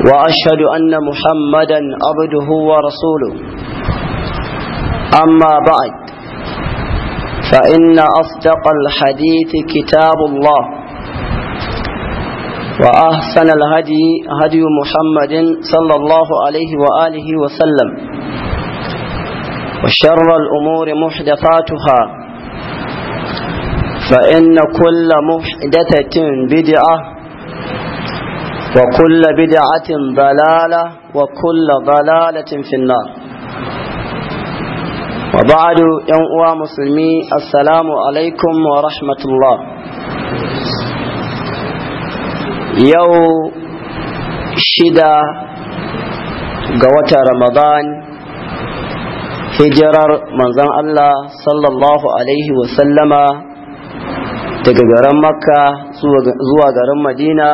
وأشهد أن محمدا عبده ورسوله أما بعد فإن أصدق الحديث كتاب الله وأحسن الهدي هدي محمد صلى الله عليه وآله وسلم وشر الأمور محدثاتها فإن كل محدثة بدعة وكل بدعة ضلالة وكل ضلالة في النار وبعد يوم مسلمي السلام عليكم ورحمة الله يو ga قوة رمضان hijirar manzon Allah sallallahu Alaihi wasallama daga garin Makka zuwa garin Madina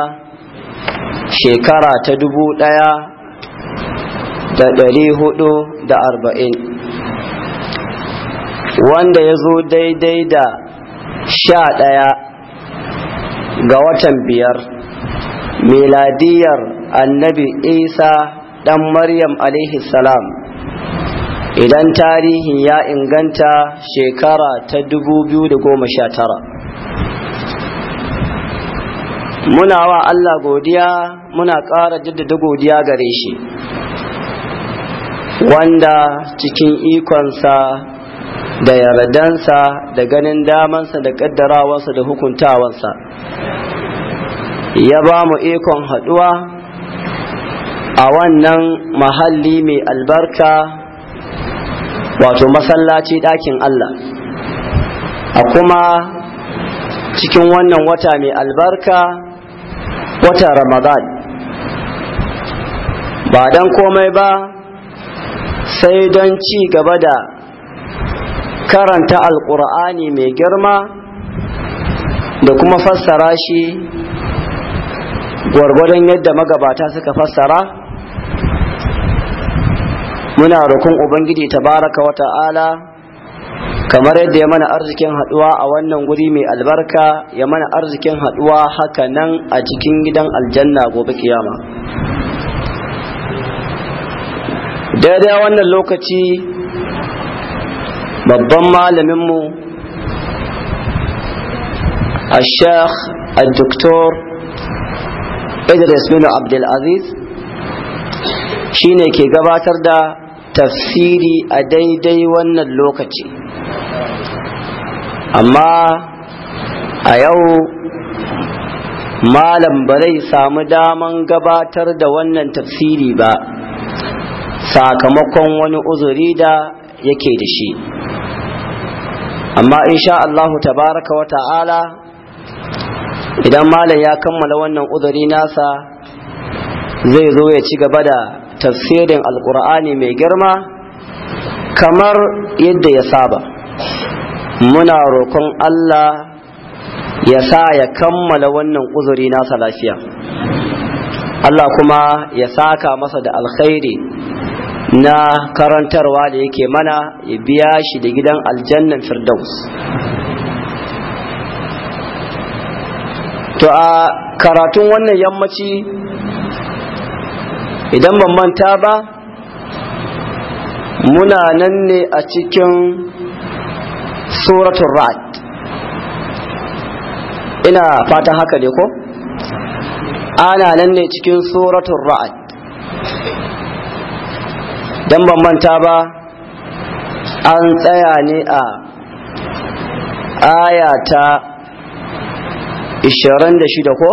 shekara ta dubu ɗaya da ɗari hudu da arba'in wanda ya zo daidai da sha ɗaya ga watan biyar miladiyar annabi isa ɗan maryam alaihi salam idan tarihin ya inganta shekara ta dubu biyu da goma sha tara muna wa Allah godiya muna ƙara jaddada godiya gare shi wanda cikin ikonsa da yardansa da ganin damansa da ƙaddarawarsa da hukuntawarsa ya ba mu ikon haɗuwa a wannan mahalli mai albarka wato masallaci ɗakin Allah a kuma cikin wannan wata mai albarka watan ramadan ba dan komai ba sai don ci gaba da karanta alkur'ani mai girma da kuma fassara shi gwargwadon yadda magabata suka fassara muna rukun ubangiji tabaraka wa ta'ala kamar yadda ya mana arzikin haduwa a wannan guri mai albarka ya mana arzikin haduwa haka nan a cikin gidan aljanna gobe kiyama daidai wannan lokaci babban malaminmu a sheikh a doktor idris bin abdulaziz shine ke gabatar da tafsiri a daidai wannan lokaci amma a yau malam ba zai samu daman gabatar da wannan tafsiri ba sakamakon wani uzuri da yake da shi amma insha Allah tabaraka wa ta'ala idan malam ya kammala wannan uzuri nasa zai zo ya ci gaba da tafsirin alkur'ani mai girma kamar yadda ya saba muna roƙon Allah ya sa ya kammala wannan uzuri nasa lafiya Allah kuma ya saka masa da alkhairi na karantarwa da yake mana ya biya shi da gidan aljannan firdaus to a karatun wannan yammaci idan ban manta ba muna nan ne a cikin suratun ra'ad ina fata haka ne ko ana nan ne cikin suratun ra'ad don manta ba an tsaya ne a aya ta 26 ko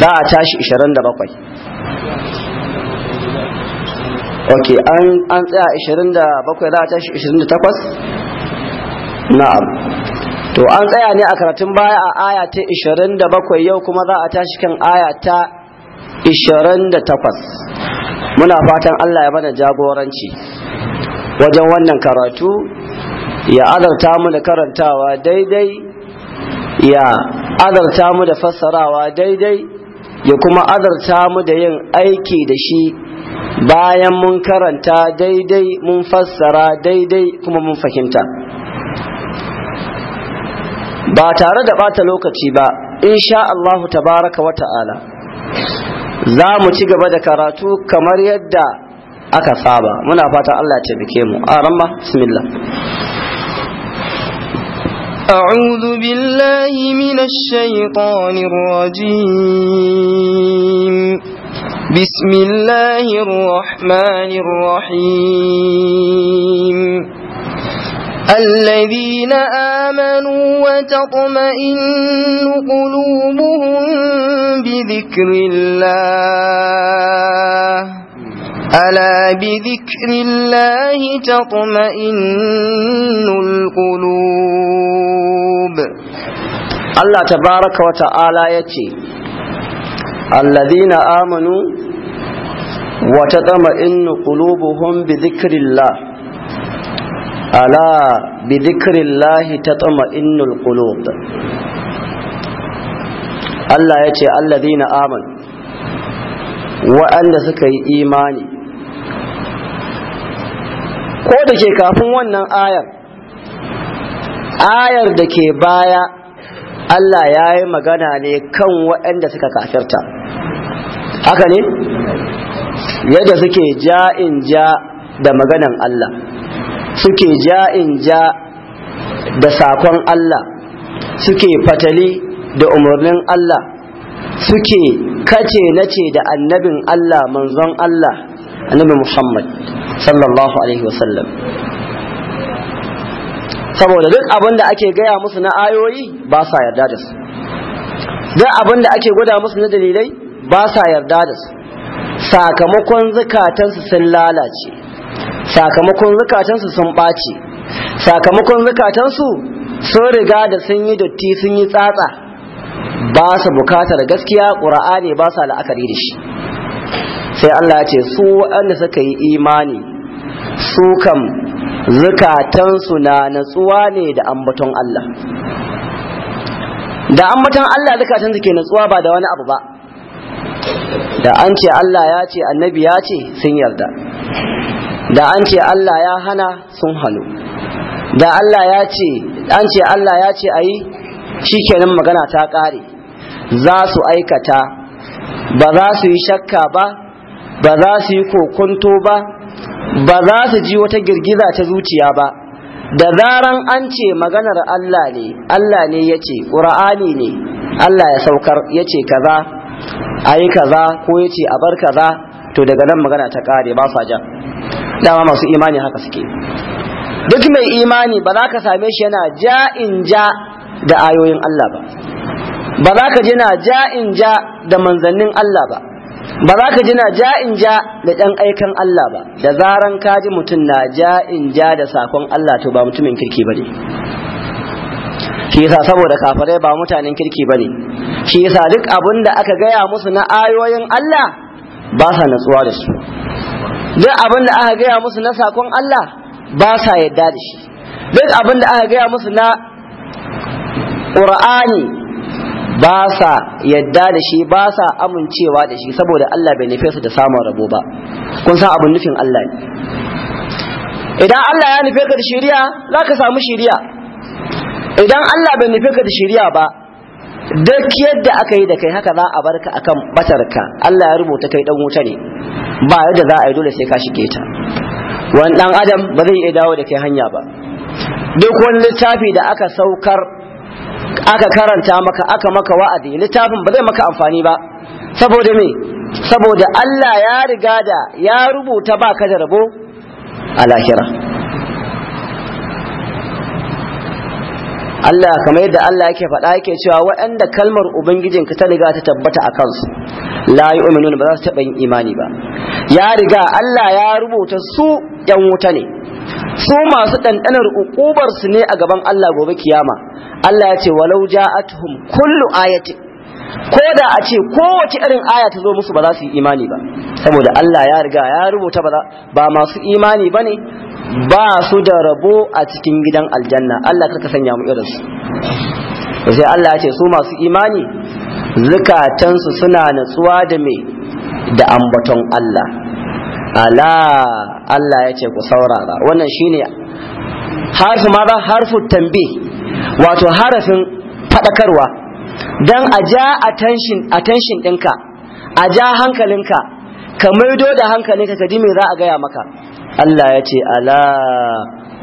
za a tashi 27 ok an tsaya 27 za a tashi 28 na'am to an tsaya ne a karatun baya a aya ta 27 yau kuma za a tashi kan aya ta 28 muna fatan Allah ya bada jagoranci wajen wannan karatu ya azarta mu da karantawa daidai ya azarta mu da fassarawa daidai ya kuma azarta mu da yin aiki da shi bayan mun karanta daidai mun fassara daidai kuma mun fahimta ba tare da bata lokaci ba insha Allahu tabaraka wa ta'ala za mu ci gaba da karatu kamar yadda aka saba muna fata Allah ya taimake mu a ramma bismillah أعوذ بالله من الشيطان الرجيم بسم الله الرحمن الرحيم الذين آمنوا وتطمئن قلوبهم بذكر الله ألا بذكر الله تطمئن القلوب الله تبارك وتعالى يتي alladhina amanu wa tatma'innu qulubuhum bi dhikrillah ala bi dhikrillah tatma'innul qulub Allah ya ce alladhina amanu waɗanda suka yi imani ko da ke kafin wannan ayar ayar da ke baya Allah ya yi magana ne kan waɗanda suka kafirta haka ne yadda suke ja'in ja da maganan Allah suke ja'in ja da sakon Allah suke fatali da umarnin Allah suke kace nace da annabin Allah manzon Allah annabi Muhammad sallallahu alaihi wasallam saboda duk abin da ake gaya musu na ayoyi ba sa yarda da su duk abin da ake gwada musu na dalilai ba sa yarda da su sakamakon zukatansu sun lalace sakamakon zukatansu sun ɓaci sakamakon zukatansu sun riga da sun yi dotti sun yi tsatsa ba su bukatar gaskiya ƙura'ani ba sa la'akari da shi sai Allah ya ce su waɗanda suka yi imani su kam zukatansu na natsuwa ne da ambaton Allah da ambaton Allah zukatan ke natsuwa ba da wani abu ba da an ce Allah ya ce annabi ya ce sun yarda da an ce Allah ya hana sun halu da Allah ya ce an ce Allah ya ce ayi shikenan magana ta kare za su aikata ba za su yi shakka ba ba za su yi kokonto ba ba za su ji wata girgiza ta zuciya ba da zaran an ce maganar Allah ne Allah ne ya ce ƙura'ani ne Allah ya saukar ya ce kaza a yi kaza ko ya ce a bar kaza to daga nan magana ta ƙare ba sa jan dama masu imani haka suke duk mai imani ba za ka same shi yana ja in ja da ayoyin Allah ba ba za ka ji na in ja da manzannin Allah ba ba za ka ji na ja'in ja da ɗan aikan Allah ba da zaran ka ji mutum na ja'in ja da sakon Allah to ba mutumin kirki ba ne shi yasa saboda kafare ba mutanen kirki ba ne shi yasa duk abin da aka gaya musu na ayoyin Allah ba sa natsuwa da su duk abin da aka gaya musu na sakon Allah ba sa yadda da shi duk abin da aka gaya musu na ƙura'ani. ba sa yadda da shi ba sa amincewa da shi saboda Allah bai nufe su da samun rabo ba kun san abin nufin Allah ne idan Allah ya nufe ka da shiriya za ka samu shiriya idan Allah bai nufi ka da shiriya ba duk yadda aka yi da kai haka za a bar ka akan batarka Allah ya rubuta kai dan wuta ne ba yadda za a yi dole sai ka shige ta wani dan adam ba zai iya dawo da kai hanya ba duk wani littafi da aka saukar aka karanta maka aka maka wa'adi littafin ba zai maka amfani ba saboda me saboda Allah ya riga da ya rubuta baka da rabo a lahira Allah kamar yadda Allah yake faɗa yake cewa waɗanda kalmar ubangijinka ta riga ta tabbata a kansu la yu'minuna ba za su taɓa yin imani ba ya riga Allah ya rubuta su yan wuta ne su masu ɗanɗanar ukubar su ne a gaban Allah gobe kiyama Allah ya ce walau ja'atuhum kullu ayati ko da a ce kowace irin aya ta zo musu ba za su yi imani ba saboda Allah ya riga ya rubuta ba masu imani bane ba su da rabo a cikin gidan aljanna Allah karka sanya mu irin su sai Allah ya ce su masu imani zukatansu suna natsuwa da me da ambaton Allah ala Allah ya ce ku saurara wannan shine harfu ma harfu tambayi. wato harafin faɗakarwa don a ja attention ɗinka a ja hankalinka ka maido da hankalinka ka ji me za a gaya maka Allah ya ce ala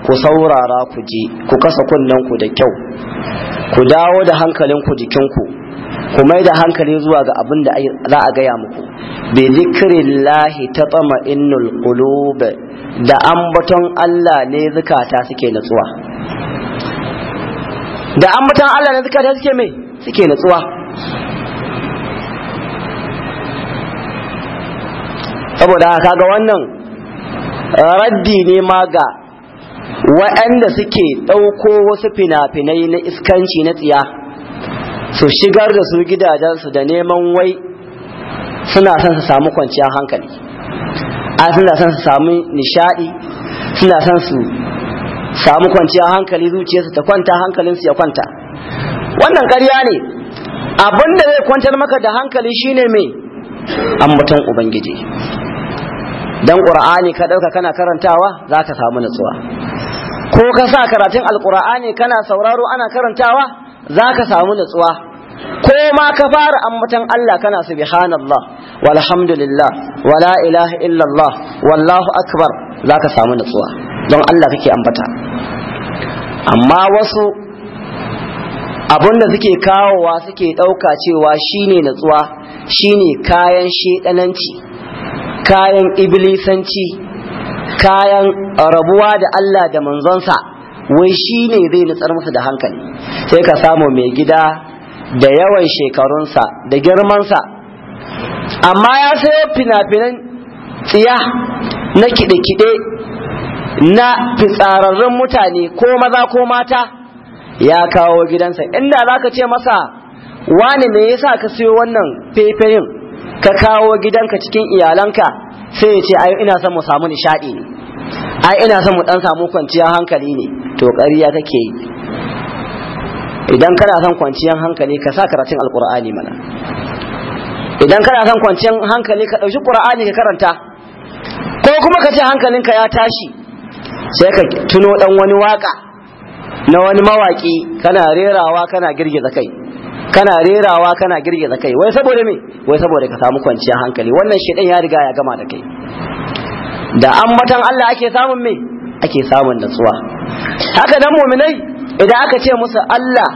ku saurara ku ji ku kasa ku da kyau ku dawo da hankalinku jikinku ku mai da hankali zuwa ga abin da za a gaya muku bi zikrillahi tsama innul qulub da ambaton Allah ne zukata suke natsuwa da an mutan Allah na zukata suke mai suke natsuwa saboda haka ga wannan raddi ne ma ga waɗanda suke ɗauko wasu fina-finai na iskanci na tsiya su shigar da su gidajensu da neman wai suna son su samu kwanciyar hankali a suna son su samu nishadi suna son su samu kwanciya hankali zuciyarsa ta kwanta hankalinsu ya kwanta wannan ƙarya ne abin da zai kwantar maka da hankali shine mai ambaton ubangiji dan ƙura'ani ka ɗauka kana karantawa za ka samu nutsuwa ko ka sa karatun alƙura'ani kana sauraro ana karantawa za ka samu nutsuwa ko ma ka fara ambaton Allah kana subhanallah walhamdulillah wala ilaha illallah wallahu akbar za ka samu nutsuwa don Allah kake ambata amma wasu abinda suke kawowa suke ɗauka cewa shine natsuwa shine kayan shedananci kayan iblisanci kayan rabuwa da Allah da manzonsa wai shine zai nutsar musu da hankali sai ka samu mai gida da yawan shekarunsa da girmansa amma ya sayo fina-finan tsiya na kide-kide na fitsararrun mutane ko maza ko mata ya kawo gidansa inda za ka ce masa wani me yasa ka siyo wannan fefeyin ka kawo gidanka cikin iyalanka sai ya ce ai ina son mu samu nishaɗi ne ai ina son mu dan samu kwanciyar hankali ne to ƙarya kake yi idan kana son kwanciyar hankali ka sa karatun alkur'ani mana idan kana son kwanciyar hankali ka ɗauki ƙur'ani ka karanta ko kuma ka ce hankalinka ya tashi sai ka tuno dan wani waka na wani mawaki kana rerawa kana girgiza kai kana rerawa kana girgiza kai wai saboda me wai saboda ka samu kwanciyar hankali wannan shedan ya riga ya gama da kai da ambatan Allah ake samun me ake samun natsuwa haka dan mu'minai idan aka ce musu Allah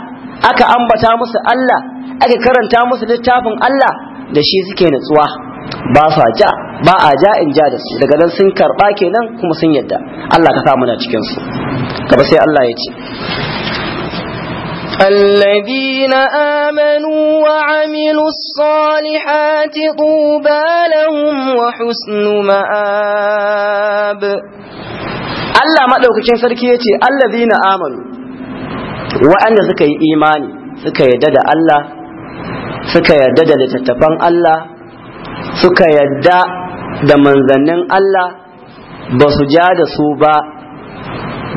aka ambata musu Allah aka karanta musu littafin Allah da shi suke natsuwa ba sa ja ba a ja in ja da su daga nan sun karba kenan kuma sun yadda Allah ka sa muna cikin su gaba sai Allah ya ce الذين آمنوا وعملوا الصالحات طوبى لهم وحسن مآب Allah Madaukakin sarki ya ce na amanu waɗanda suka yi imani suka yarda da Allah suka yarda da littattafan Allah suka yadda da manzannin Allah ba su ja da su ba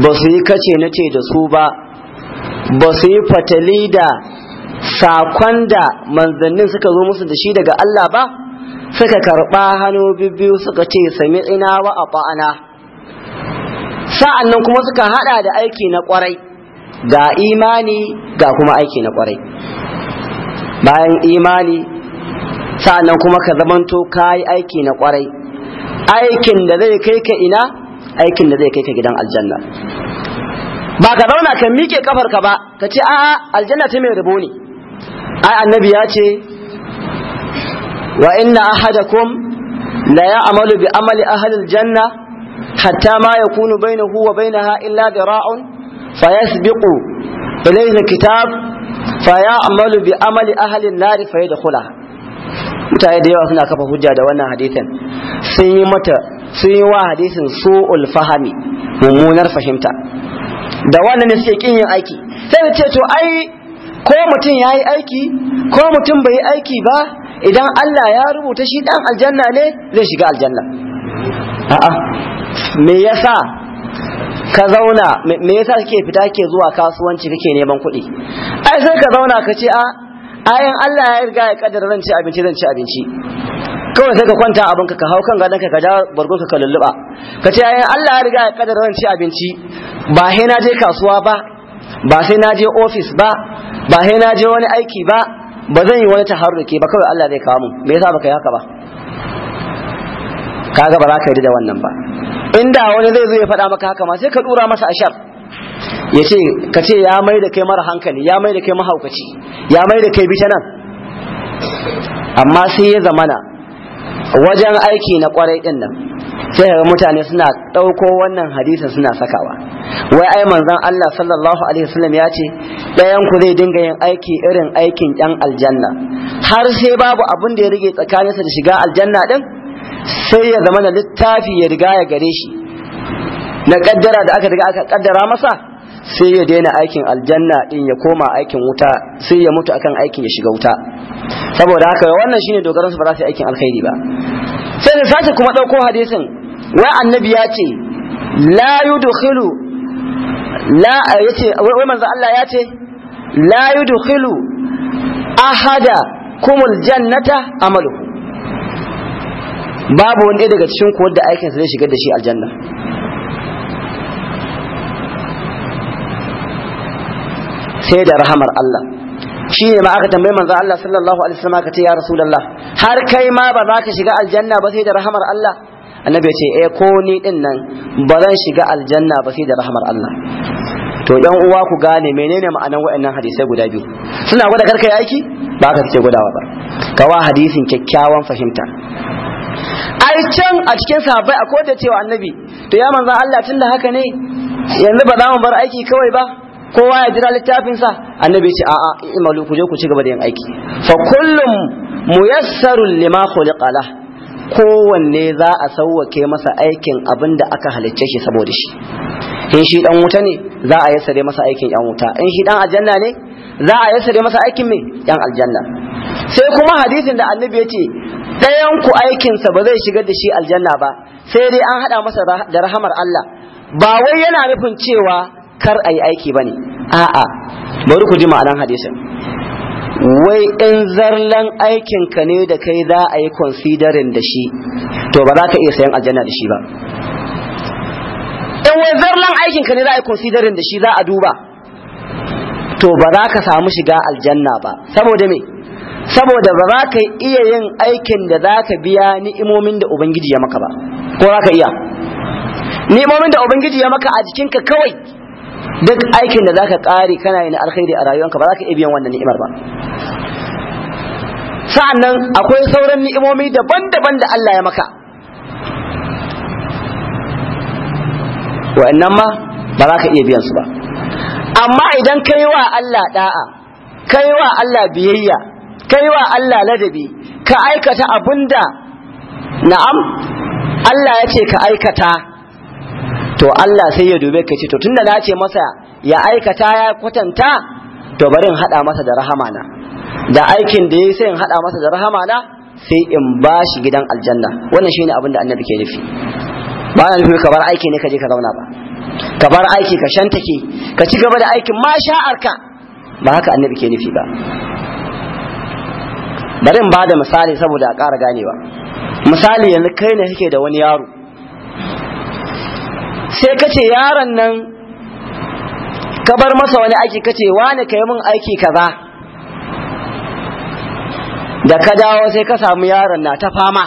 ba su yi kace na ce da su ba ba su yi fatali da sakon da manzannin suka zo musu da shi daga Allah ba suka karɓa hannu biyu suka ce sami ina wa a ba'ana sa'an nan kuma suka haɗa da aiki na ƙwarai ga imani ga kuma aiki na ƙwarai bayan imani sa'annan kuma ka zamanto ka yi aiki na kwarai aikin da zai kai ka ina aikin da zai kai ka gidan aljanna ba ka zauna ka miƙe kafarka ba ka ce a'a aljanna ta mai rabo ne ai annabi ya ce wa inna ahadakum la ya'malu bi amali ahli aljanna hatta ma yakunu bainahu wa bainaha illa dira'un fayasbiqu ilayhi alkitab fayamalu bi amali ahli an-nar kula. mutane da yawa suna kafa hujja da wannan hadisin sun yi mata sun yi wa hadisin su ulfahami, mummunar fahimta da wannan ne suke kin yin aiki sai su ce to ai ko mutum yayi aiki ko mutum bai yi aiki ba idan Allah ya rubuta shi dan aljanna ne zai shiga aljanna a'a me yasa ka zauna me yasa kake fita kake zuwa kasuwanci kake neman kuɗi ai sai ka zauna ka ce a ah, ayan Allah ya riga ya kaddara zan ci abinci ran ci abinci kawai sai ka kwanta abin ka ka hau kan gadon ka ka ja bargo ka lulluba ka ce ayan Allah ya riga ya kaddara zan ci abinci ba sai na je kasuwa ba ba sai na je office ba ba sai na je wani aiki ba ba zan yi wani taharuki ba kawai Allah zai kawo mu me yasa baka yi haka ba kaga ba za ka yi da wannan ba inda wani zai zo ya faɗa maka haka ma sai ka dura masa ashar Ya ce, ka ce ya mai da kai mara hankali ya mai da kai mahaukaci ya mai da kai bita nan amma sai ya zamana wajen aiki na kwarai din nan sai ga mutane suna ɗauko wannan hadisin suna sakawa wai ai manzon Allah sallallahu alaihi wasallam ya ce ɗayan ku zai dinga yin aiki irin aikin ɗan aljanna har sai babu abin da ya rage tsakaninsa da shiga aljanna din sai ya zamana littafi ya riga ya gare shi na kaddara da aka riga aka kaddara masa sai ya daina aikin aljanna din ya koma aikin wuta sai ya mutu akan aikin ya shiga wuta saboda haka wannan shine dogaran su ba za su yi aikin alkhairi ba sai da sace kuma dauko hadisin wai annabi ya ce la yudkhilu la yace wai manzo Allah ya ce la yudkhilu ahada kumul jannata amalu babu wani daga cikin ku wanda aikinsa zai shigar da shi aljanna sai da rahamar Allah shi ne ma aka tambayi manzo Allah sallallahu alaihi wasallam aka ce ya rasulullah har kai ma ba za ka shiga aljanna ba sai da rahamar Allah annabi ya ce eh ko ni din nan ba zan shiga aljanna ba sai da rahamar Allah to dan uwa ku gane menene ma'anar wa'annan hadisai guda biyu suna gwada karkai aiki ba ka ce gudawa ba kawa hadisin kyakkyawan fahimta ai can a cikin sahabbai akwai da cewa annabi to ya manzo Allah tunda haka ne yanzu ba za mu bar aiki kawai ba kowa ya jira littafin sa annabi ya ce a'a imalu ku je ku ci gaba da yin aiki fa kullum muyassarul lima khuliqa kowanne za a sauwake masa aikin abin da aka halicce shi saboda shi in shi dan wuta ne za a yassare masa aikin yan wuta in shi dan aljanna ne za a yassare masa aikin me yan aljanna sai kuma hadisin da annabi ya ce ɗayan ku aikinsa ba zai shigar da shi aljanna ba sai dai an haɗa masa da rahamar Allah ba wai yana nufin cewa kar a yi aiki ba ne a'a bari ku ji ma'anar hadisin wai in zarlan aikinka ne da kai za a yi considering da shi to ba za ka iya sayan aljanna da shi ba in wai zarlan aikinka ne za a yi considering da shi za a duba to ba za ka samu shiga aljanna ba saboda me saboda ba za ka iya yin aikin da za ka biya ni'imomin da ubangiji ya maka ba ko za ka iya ni'imomin da ubangiji ya maka a jikinka kawai duk aikin da zaka kare kana yin alkhairi a rayuwanka ba za ka iya biyan wannan ni'imar ba sa'annan akwai sauran ni'imomi daban-daban da Allah ya maka wa'annan ma ba za ka iya biyan su ba amma idan kai wa Allah da'a kai wa Allah biyayya kai wa Allah ladabi ka aikata abinda na'am Allah ya ce ka aikata to Allah sai ya dube ka ce to tunda na ce masa ya aikata ya kwatanta to bari in hada masa da rahama na da aikin da yayi sai in hada masa da rahama na sai in ba shi gidan aljanna wannan shine abin da annabi ke nufi ba na nufi ka bar aiki ne ka je ka zauna ba ka bar aiki ka shantake ka ci gaba da aikin ma sha'arka ba haka annabi ke nufi ba bari in da misali saboda a ƙara ganewa misali yanzu kai ne kake da wani yaro sai kace ce yaron nan ka bar masa wani aiki ka ce wani ka yi min aiki kaza da ka dawo sai ka samu yaron na ta fama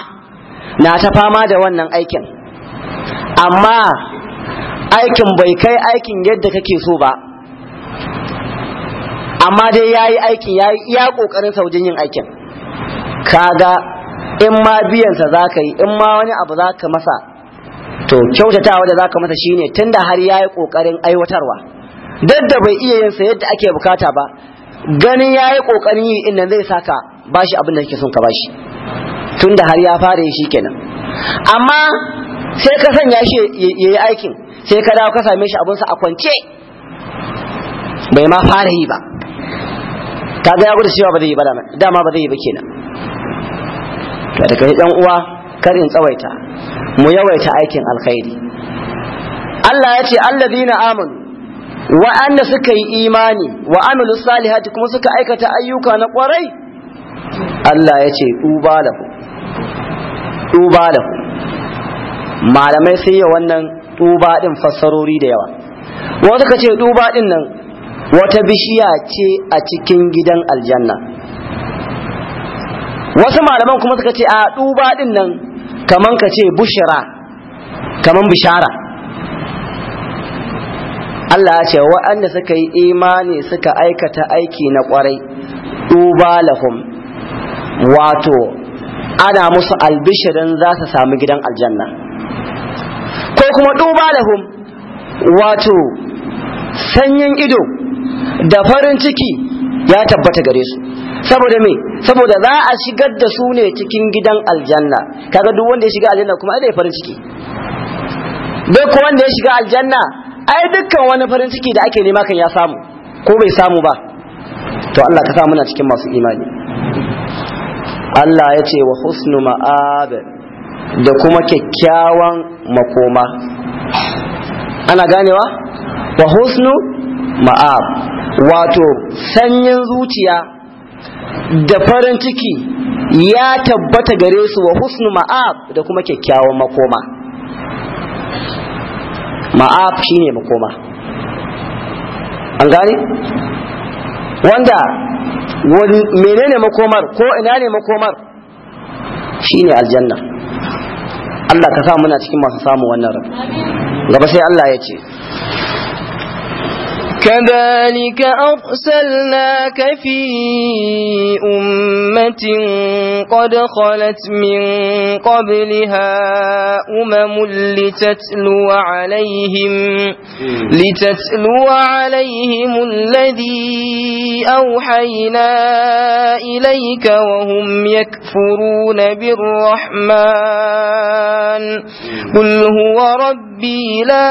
na ta fama da wannan aikin amma aikin bai kai aikin yadda kake so ba amma dai ya yi aikin ya yi iya ƙoƙarin saujin yin aikin kaga in ma biyansa za ka yi in ma wani abu za ka masa to kyautatawa da zaka mata shine tunda har yayi kokarin aiwatarwa duk da bai iya yin sa yadda ake bukata ba ganin yayi kokarin yi inda zai saka bashi abin da kake son ka bashi tunda har ya fara yi shikenan amma sai ka sanya shi yayi aikin sai ka dawo ka same shi abin sa a kwance bai ma fara yi ba kaga ya gudu cewa ba zai yi ba dama ba zai yi ba kenan da kai yan uwa kar in tsawaita mu yawaita aikin alkhairi Allah ya ce alladhina amanu wa'anda suka yi imani wa amilu salihati kuma suka aikata ayyuka na kwarai Allah ya ce tuba lahu tuba lahu malamai sai ya wannan tuba din fassarori da yawa wanda kace tuba din nan wata bishiya ce a cikin gidan aljanna wasu malaman kuma suka ce a duba din nan kaman ka ce bushira kaman bishara Allah ya ce waɗanda suka yi imani suka aikata aiki na kwarai duba lahum wato ana musu albishirin za su samu gidan aljanna ko kuma duba lahum wato sanyin ido da farin ciki ya tabbata gare su saboda me saboda za a shigar da su ne cikin gidan aljanna kaga duk wanda ya shiga aljanna kuma ai da farin ciki dai ko wanda ya shiga aljanna ai dukkan wani farin ciki da ake nema kan ya samu ko bai samu ba to Allah ka sa muna cikin masu imani Allah ya ce wa husnu ma'ab da kuma kyakkyawan makoma ana ganewa wa husnu ma'ab wato sanyin zuciya da farin ciki ya tabbata gare su wa husnu ma'ab da kuma kyakkyawan makoma ma'ab shine makoma an gane wanda menene makomar ko ina ne makomar shine aljanna Allah ka sa muna cikin masu samu wannan rabu gaba sai Allah ya ce كذلك أرسلناك في أمة قد خلت من قبلها أمم لتتلو عليهم لتتلو عليهم الذي أوحينا إليك وهم يكفرون بالرحمن قل هو ربي لا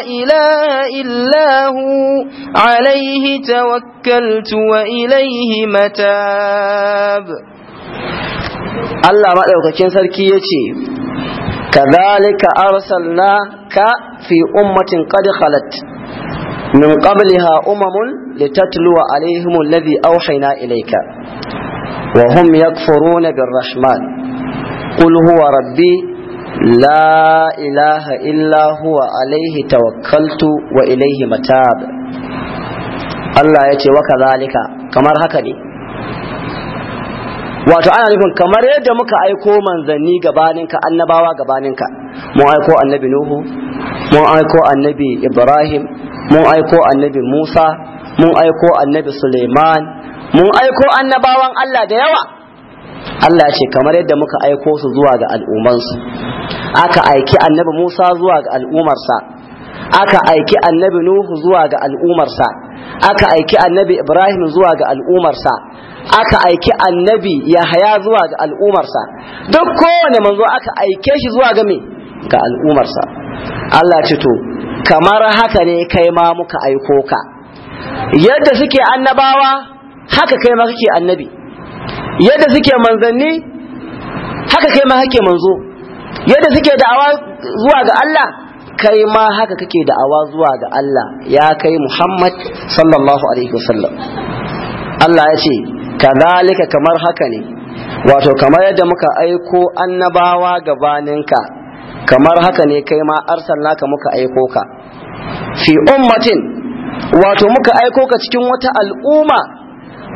إله إلا هو عليه توكلت وإليه متاب الله رأي وكين سركي كذلك أرسلناك في أمة قد خلت من قبلها أمم لتتلو عليهم الذي أوحينا إليك وهم يكفرون بالرحمن قل هو ربي لا إله إلا هو عليه توكلت وإليه متاب الله يتي وكذلك كما هكذا wato ana nufin kamar yadda muka aiko manzanni gabaninka annabawa gabaninka mun aiko annabi nuhu mun aiko annabi ibrahim mun aiko annabi musa mun aiko annabi suleiman mun aiko annabawan allah da yawa Allah ya ce kamar yadda muka aiko su zuwa ga al'ummansu aka aiki annabi Musa zuwa ga al'umarsa aka aiki annabi Nuhu zuwa ga al'umarsa aka aiki annabi Ibrahim zuwa ga al'umarsa aka aiki annabi Yahaya zuwa ga al'umarsa duk kowane manzo aka aike shi zuwa ga me ga al'umarsa Allah ce to kamar haka ne kai ma muka aiko ka yadda suke annabawa haka kai ma kake annabi yadda suke manzanni haka kai ma hake manzo yadda suke da'awa zuwa ga Allah kai ma haka kake da'awa zuwa ga Allah ya kai Muhammad sallallahu alaihi wasallam Allah ya ce kadhalika kamar haka ne wato kamar yadda muka aiko annabawa gabaninka kamar haka ne kai ma arsalnaka muka aiko ka fi ummatin wato muka aiko ka cikin wata al'umma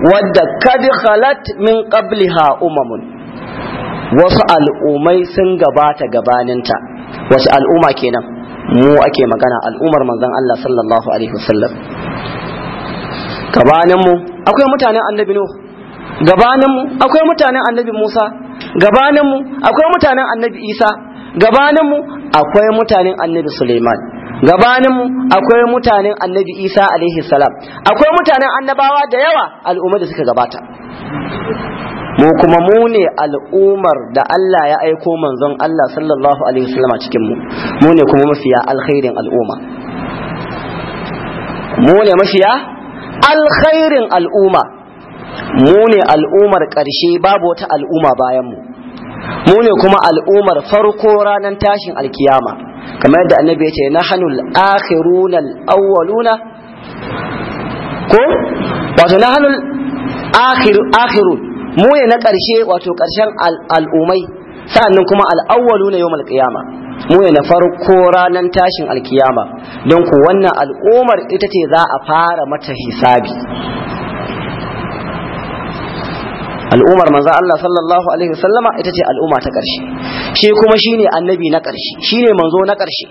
wadda kadi khalat min qabliha umamun wasu al'umai sun gabata gabaninta wasu al'umma kenan mu ake magana al'ummar manzon Allah sallallahu alaihi wasallam gabanin mu akwai mutanen annabi nuh gabanin mu akwai mutanen annabi musa gabanin mu akwai mutanen annabi isa gabanin mu akwai mutanen annabi suleiman gabanin akwai mutanen annabi isa alaihi salam akwai mutanen annabawa da yawa al'ummar da suka gabata mu kuma mu ne al'ummar da Allah ya aiko manzon Allah sallallahu alaihi wasallam cikin mu mu ne kuma mafiya alkhairin al'umma mu ne mafiya alkhairin al'umma mu ne al'ummar ƙarshe babu wata al'umma bayan mu mu ne kuma al'ummar farko ranar tashin alkiyama kamar yadda annabi ya ce na al-akhiruna al-awwaluna ko wato na al-akhirun mu ne na ƙarshe wato ƙarshen al'ummai sa'annan kuma al'awwaluna awwaluna yawmal qiyamah mu ne na farko ranar tashin alkiyama don ku wannan al'ummar ita ce za a fara mata hisabi al'ummar manzan Allah sallallahu alaihi wasallama ita ce al'umma ta ƙarshe shi kuma shi ne annabi na ƙarshe shi ne manzo na ƙarshe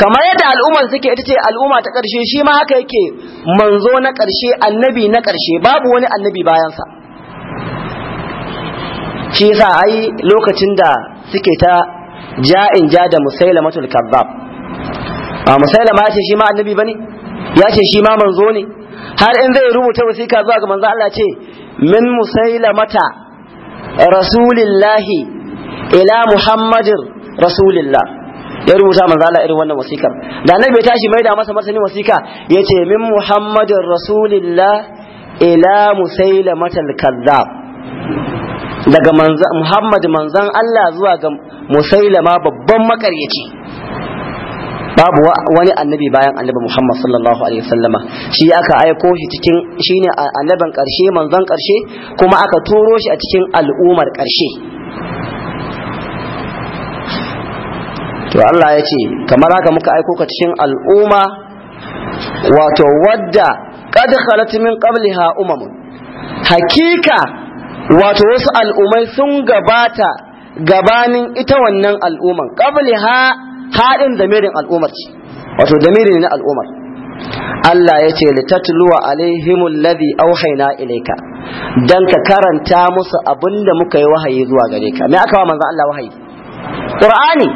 kamar yadda al'ummar suke ita ce al'umma ta ƙarshe shi ma haka yake manzo na ƙarshe annabi na ƙarshe babu wani annabi bayansa shi yasa ai lokacin da suke ta ja'in ja da musailamatul kazzab ba musailama ce shi ma annabi bane ya ce shi ma manzo ne har in zai rubuta wasiƙa zuwa ga manzo Allah ce min الله إلى ila muhammadin rasulillah ya rubuta manzo Allah irin wannan wasikar da annabi ya tashi maida masa masani wasika yace min muhammadin rasulillah ila musailamatal kazzab daga muhammad manzan Allah zuwa ga musailama babban makaryaci babu wani annabi bayan annabi Muhammad sallallahu alaihi wasallama shi aka aiko shi cikin shine annaban karshe manzon karshe kuma aka turo shi a cikin al'umar karshe to Allah ya ce kamar haka muka aiko ka cikin al'umma wato wadda qad khalat min qabliha umamun hakika wato wasu al'umai sun gabata gabanin ita wannan al'uman qabliha haɗin damirin al'ummar ce wato damirin na al'ummar Allah ya ce litatluwa alaihimul ladhi auhayna ilayka dan ka karanta musu abinda muka yi wahayi zuwa gare ka me aka wa manzo Allah wahayi Qur'ani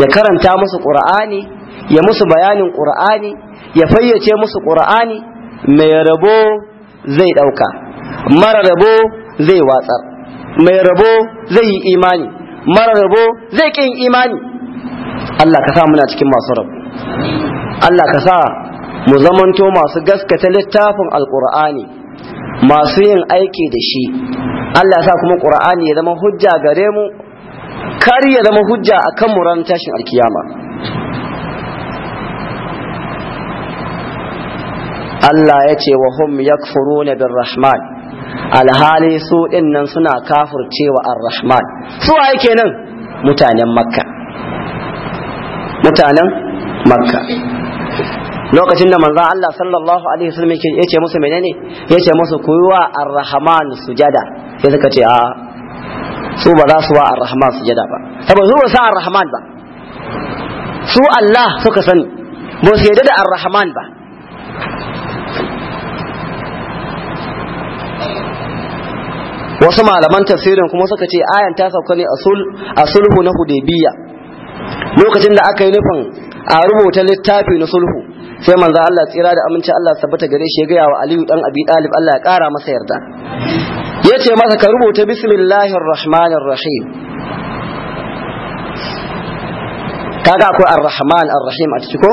ya karanta musu Qur'ani ya musu bayanin Qur'ani ya fayyace musu Qur'ani mai rabo zai dauka mara rabo zai watsar mai rabo zai yi imani mara rabo zai kin imani Allah ka sa muna cikin masu rabu Allah ka sa mu zamanto masu gaskata littafin alkur'ani masu yin aiki da shi Allah sa kuma ƙur'ani ya zama hujja gare mu kar ya zama hujja a kan ran tashin alkiyama Allah ya ce wa hum yakfuruna bin rahman alhali su ɗin nan suna kafurcewa ar-rahman su wa nan mutanen makka mutanen makka lokacin da manzan Allah sallallahu alaihi wasallam ce musu menene Ya ce musu ku yi wa ar-rahman sujada sai suka ce a su ba za su wa ar-rahman sujada ba saboda su ba sa ar-rahman ba su Allah suka sani ba su yadda da ar-rahman ba wasu malaman tafsirin kuma suka ce ayan ta sauka ne a sulhu na hudaybiya lokacin da aka yi nufin a rubuta littafi na sulhu sai manzo Allah tsira da aminci Allah sabbata gare shi ya gaya wa Aliyu dan Abi Talib Allah ya kara masa yarda yace masa ka rubuta bismillahir rahmanir rahim kaga akwai ar-rahman ar-rahim a ciki ko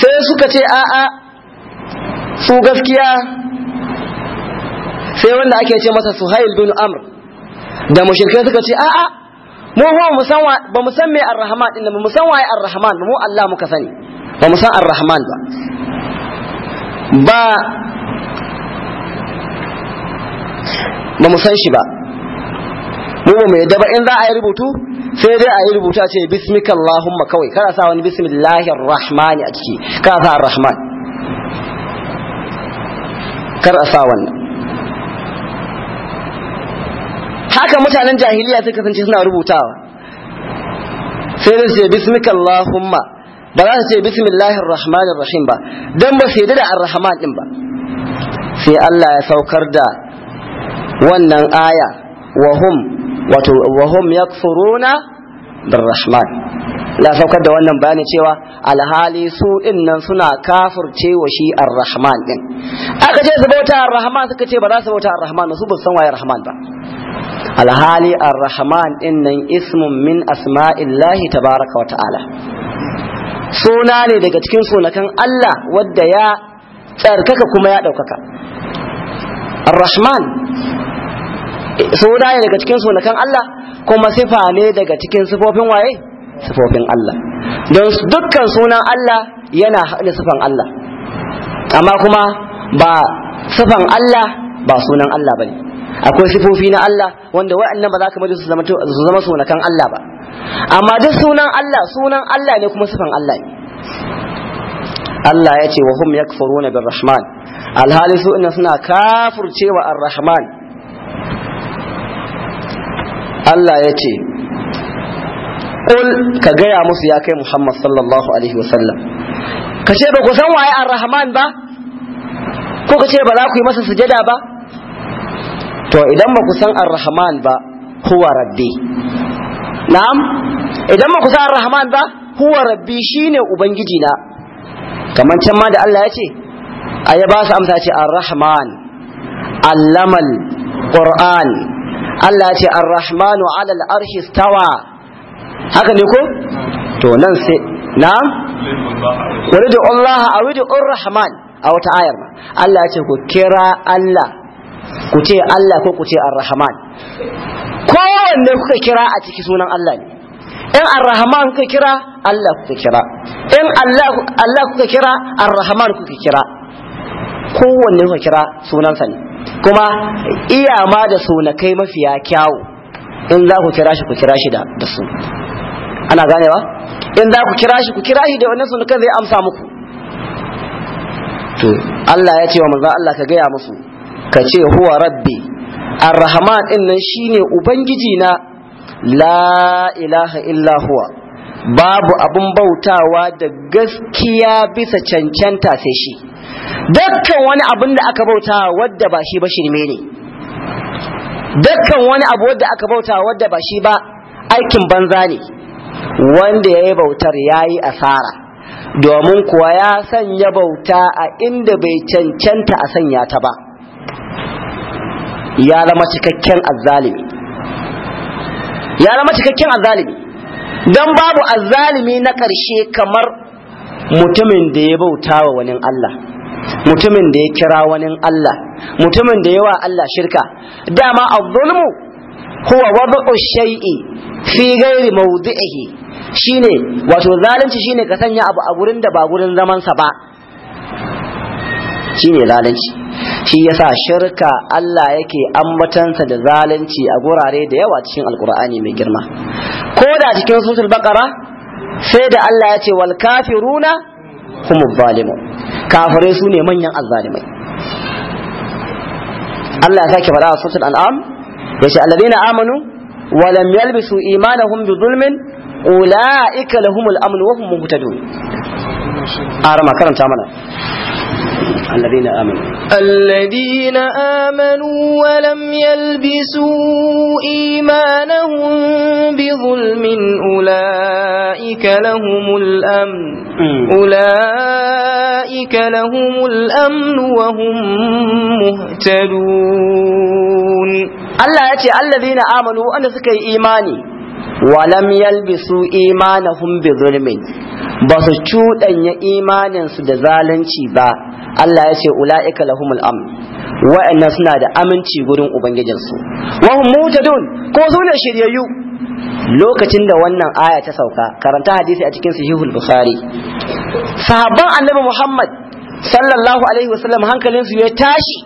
sai suka ce a'a su gaskiya sai wanda ake ce masa Suhail bin Amr da mushrikai suka ce a'a mu kuma ba mu san me ar-rahman din mu san waye ar-rahman mu Allah muka sani ba mu san ar-rahman ba ba ba mu san shi ba mu ba mu yadda ba in za a yi rubutu sai dai a yi rubuta ce bismika Allahumma kawai kana sa wani bismillahir rahmani a ciki kana sa ar-rahman kar a sa wannan haka mutanen jahiliya suka kasance suna rubutawa sai da ce bismika ba za su ce bismillahir rahmanir rahim ba dan ba sai da arrahman din ba sai Allah ya saukar da wannan aya wahum hum wato wa hum yakfuruna birrahman na saukar da wannan bayanin cewa alhali su din nan suna kafirce wa shi ar-rahman din aka ce su bauta ar-rahman suka ce ba za su bauta ar-rahman su ba san waye rahman ba alhali ar-rahman din nan ismun min asma'illahi tabaraka wa ta'ala suna ne daga cikin sunakan Allah wadda ya tsarkaka kuma ya ɗaukaka ar-rahman suna ne daga cikin sunakan Allah kuma sifa ne daga cikin sifofin waye sifofin Allah don dukkan sunan Allah yana haɗe sifan Allah amma kuma ba sifan Allah ba sunan Allah ba ne, akwai sifofi na Allah wanda wa'annan ba za ka maji su zama suna kan sunakan Allah ba amma duk sunan Allah sunan Allah ne kuma sifan Allah ne Allah ya ce wa hum yakfuruna bir rahman alhali su inna suna kafircewa ar rahman Allah ya ce kul ka gaya musu ya kai muhammad sallallahu alaihi wasallam ka ce ba ku san waye ar-rahman ba ko ka ce ba za ku yi masa sujada ba to idan ba ku san ar-rahman ba huwa rabbi na'am idan ba ku san ar-rahman ba huwa rabbi shine ubangiji na kamar can ma da Allah ya ce aya ba su amsa ce ar-rahman allamal qur'an Allah ya ce ar-rahmanu 'ala al-arshi stawa haka ne ko to nan sai na'am wadda Allah a wadda Rahman a wata ayar Allah ya ce ku kira Allah ku ce Allah ko ku ce Ar-Rahman kowanne kuka kira a ciki sunan Allah ne in Ar-Rahman kuka kira Allah kuka kira in Allah kuka kira Ar-Rahman kuka kira kowanne kuka kira sunansa ne kuma iya ma da sunakai mafiya kyawu in za ku kira shi ku kira shi da su ana ganewa in za ku kira shi ku kira shi da wannan kan zai amsa muku to Allah ya ce wa manzon Allah ka gaya musu ka ce huwa rabbi arrahman rahman din nan shine ubangiji na la ilaha illa huwa babu abun bautawa da gaskiya bisa cancanta sai shi dukkan wani abin da aka bauta wadda ba shi ba shi ne dukkan wani abu wadda aka bauta wadda ba shi ba aikin banza ne wanda ya yi bautar ya yi asara domin kuwa ya sanya bauta a inda bai cancanta a sanya ta ba ya zama cikakken azzalimi ya zama cikakken azzalimi don babu azzalimi na ƙarshe kamar mutumin da ya bauta wa wani Allah mutumin da ya kira wani Allah mutumin da ya wa Allah shirka dama a zulmu huwa wad'u shay'i fi ghairi mawdi'ihi shine wato zalunci shine ka sanya abu a gurin da ba gurin zaman sa ba shine zalunci shi yasa shirka Allah yake ambatansa da zalunci a gurare da yawa cikin alkur'ani mai girma ko da cikin suratul baqara sai da Allah ya ce wal kafiruna humu zalimun kafirai su ne manyan azzalimai Allah ya sake faɗa a suratul an'am yace alladheena amanu wa lam yalbisu imanahum bi zulmin ulaika lahumul amnu wa hum muhtadun arama karanta mana الذين آمنوا الذين آمنوا ولم يلبسوا إيمانهم بظلم أولئك لهم الأمن أولئك لهم الأمن وهم مهتدون Allah ya ce allazina amanu wanda suka yi imani walam yalbisu imanahum bi zulmin ba su cuɗanya imaninsu da zalunci ba Allah ya ce ula'ika lahumul amn wa'anna suna da aminci gurin ubangijinsu wa hum mutadun ko su ne shiryayyu lokacin da wannan aya ta sauka karanta hadisi a cikin sahihul bukhari sahabban annabi muhammad sallallahu alaihi wasallam hankalinsu ya tashi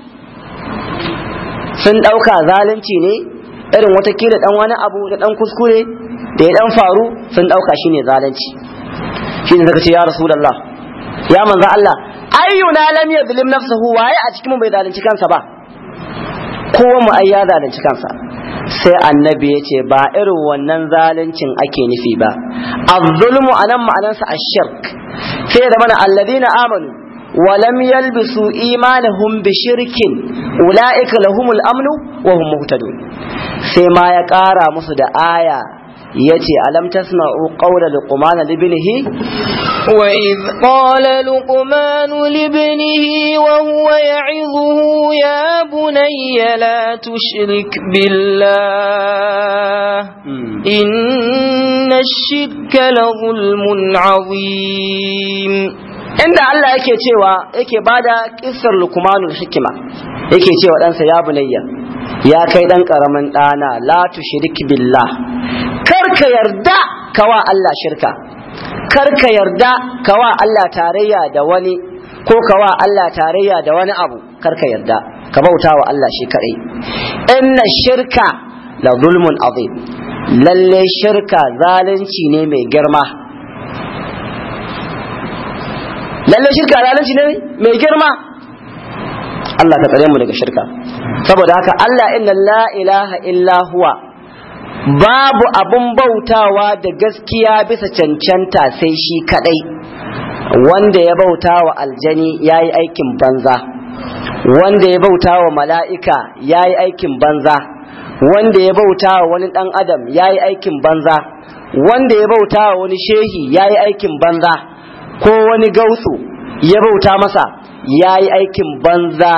sun ɗauka zalunci ne irin wata kila dan wani abu da dan kuskure da ya dan faru sun dauka ne zalunci shine zaka ce ya rasulullah ya manzo Allah ayyuna lam yadhlim nafsuhu waye a cikin mu bai zalunci kansa ba kowa mu ai ya zalunci kansa sai annabi ya ce ba irin wannan zaluncin ake nufi ba az-zulmu anan ma'anansa ash-shirk sai da mana alladina amanu ولم يلبسوا إيمانهم بشرك أولئك لهم الأمن وهم مهتدون فيما يقارى مصد آية يتي ألم تسمعوا قول لقمان لابنه وإذ قال لقمان لابنه وهو يعظه يا بني لا تشرك بالله إن الشرك لظلم عظيم inda Allah yake cewa yake bada ƙisar lukmanul hikima yake cewa ɗansa ya ya kai ɗan ƙaramin ɗana la tushrik billah kar ka yarda kawa Allah shirka kar ka yarda kawa Allah tarayya da wani ko kawa Allah tarayya da wani abu kar ka yarda ka bauta wa Allah shi kadai inna shirka la zulmun azim lalle shirka zalunci ne mai girma lalle shirka zalunci ne mai girma Allah ka tsare mu daga shirka saboda haka Allah inna la ilaha illa huwa babu abun bautawa da gaskiya bisa cancanta sai shi kadai wanda ya bautawa aljani yayi aikin banza wanda ya bautawa mala'ika yayi aikin banza wanda ya bautawa wani ɗan adam yayi aikin banza wanda ya bautawa wani shehi yayi aikin banza ko wani gautsu ya bauta masa ya yi aikin banza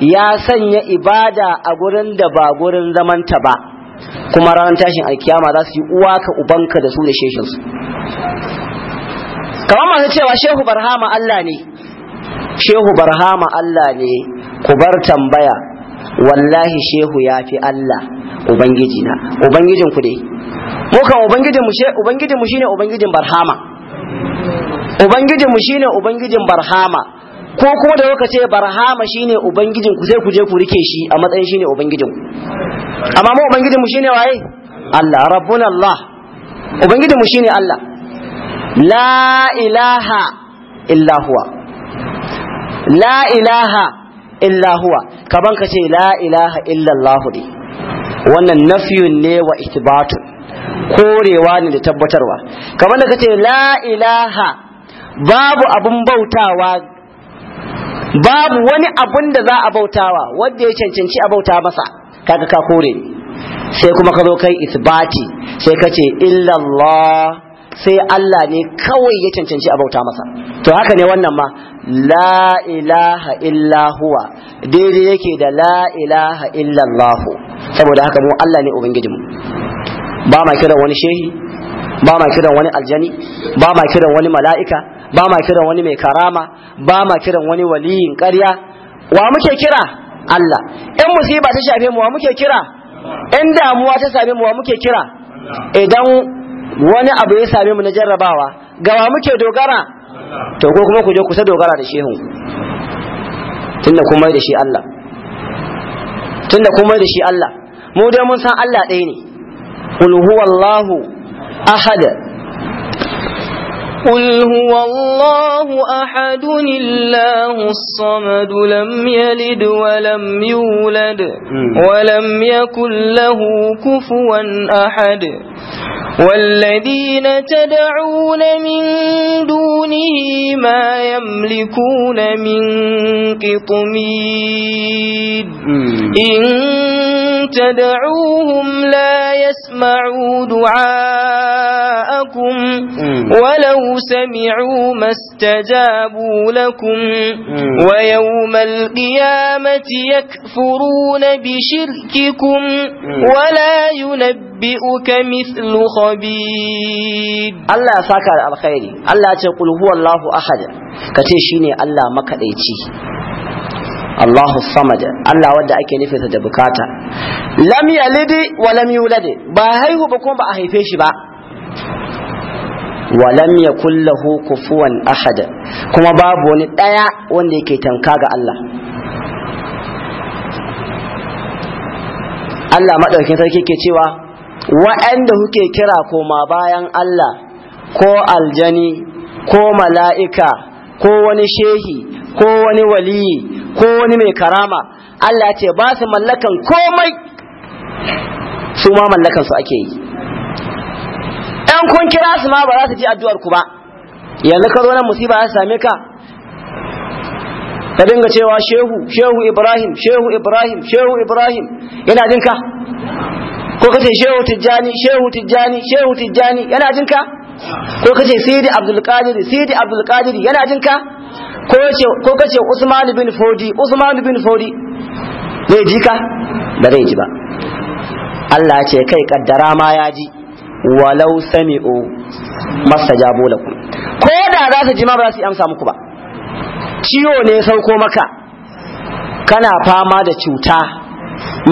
ya sanya ibada a gurin da ba gurin zamanta ba kuma ranar tashin alkiyama za su yi uwa ka ubanka da su da sheshinsu kamar masu cewa shehu barhama Allah ne shehu barhama Allah ne ku bar tambaya wallahi shehu ya fi Allah ubangijina ubangijinku dai mu kan ubangijinmu shine ubangijin barhama ubangijinmu shine ubangijin barhama ko kuma da kuka ce barhama shine ubangijin ku sai ku je ku rike shi a matsayin shine ubangijin amma mu ubangijinmu shine waye Allah rabbuna Allah ubangijinmu shine Allah la ilaha illa huwa la ilaha illa huwa kaman ka ce la ilaha illa Allah ne wannan nafiyun ne wa isbatun korewa ne da tabbatarwa kamar da ka ce la ilaha babu abun bautawa babu wani abun da za a bautawa wanda ya cancanci a bauta masa kaga ka kore sai kuma ka zo kai isbati sai ka ce illallah sai Allah ne kawai ya cancanci a bauta masa to haka ne wannan ma la ilaha illa huwa daidai yake da la ilaha illa saboda haka mu Allah ne ubangijinmu ba ma kiran wani shehi ba ma kira wani aljani ba ma kiran wani mala'ika ba ma kiran wani mai karama ba ma kiran wani waliyin ƙarya wa muke kira Allah in musiba ta shafe mu wa muke kira in damuwa ta same mu wa muke kira idan wani abu ya same mu na jarrabawa ga wa muke dogara to ko kuma ku je kusa dogara da shehu tunda kuma da shi Allah tunda kuma da shi Allah mu dai mun san Allah ɗaya ne qul huwallahu ahad قل هو الله أحد الله الصمد لم يلد ولم يولد ولم يكن له كفوا أحد والذين تدعون من دون دونه ما يملكون من قطمير إن تدعوهم لا يسمعوا دعاءكم ولو سمعوا ما استجابوا لكم ويوم القيامة يكفرون بشرككم ولا ينبئك مثل خبير الله ساكر الخير الله تقول qul huwallahu ahad kace shine Allah makadaici Allahu samad Allah wanda ake nufinsa da bukata lam yalid wa lam yulad ba haihu ba kuma ba a haife shi ba wa lam yakul lahu kufuwan ahad kuma babu wani daya wanda yake tanka ga Allah Allah madaukakin sarki ke cewa waɗanda kuke kira koma bayan Allah ko aljani ko mala'ika ko wani shehi ko wani waliyi ko wani mai karama Allah ce ba su mallakan komai su ma mallakan su ake yi Yan kun kira su ma ba za su ji addu'ar ku ba yanzu ka zo nan musiba ya same ka ka dinga cewa shehu shehu ibrahim shehu ibrahim shehu ibrahim yana jinka ko kace shehu tijjani shehu tijjani shehu tijjani yana jinka ko kace sayyidi abdul qadir sayyidi abdul qadir yana jin ka ko kace ko kace usman bin fodi usman bin fodi zai ji ka ba zai ji ba Allah ce kai kaddara ma ya ji walau sami'u masajabu lakum ko da za su ji ma ba za su amsa muku ba ciwo ne sauko maka kana fama da cuta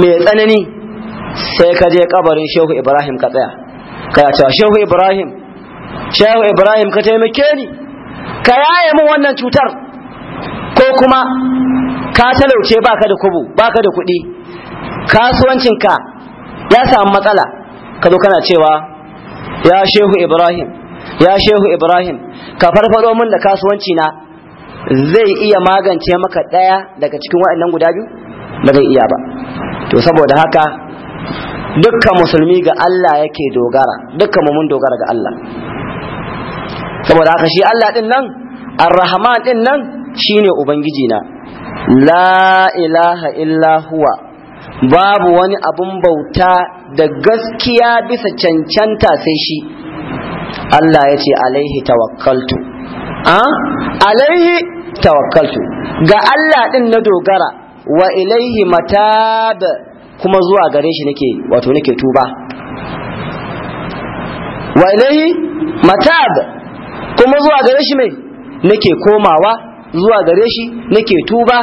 mai tsanani sai ka je kabarin shehu ibrahim ka tsaya ka cewa shehu ibrahim shehu ibrahim ka taimake ni ka yaye min wannan cutar ko kuma ka talauce baka da kubu baka da kuɗi kasuwancinka ya samu matsala ka zo kana cewa ya shehu ibrahim ya shehu ibrahim ka farfado min da kasuwanci na zai iya magance maka ɗaya daga cikin waɗannan guda biyu ba zai iya ba to saboda haka dukkan musulmi ga Allah yake dogara dukkan mu mun dogara ga Allah saboda haka shi Allah din nan ar-rahman din nan shine ubangiji na la ilaha illa huwa babu wani abun bauta da gaskiya bisa cancanta sai shi Allah ya ce alaihi tawakkaltu a ah? alaihi tawakkaltu ga Allah din na dogara wa ilaihi matab kuma zuwa gare shi nake wato nake tuba wa ilaihi matab kuma zuwa gare shi mai nake komawa zuwa gare shi nake tuba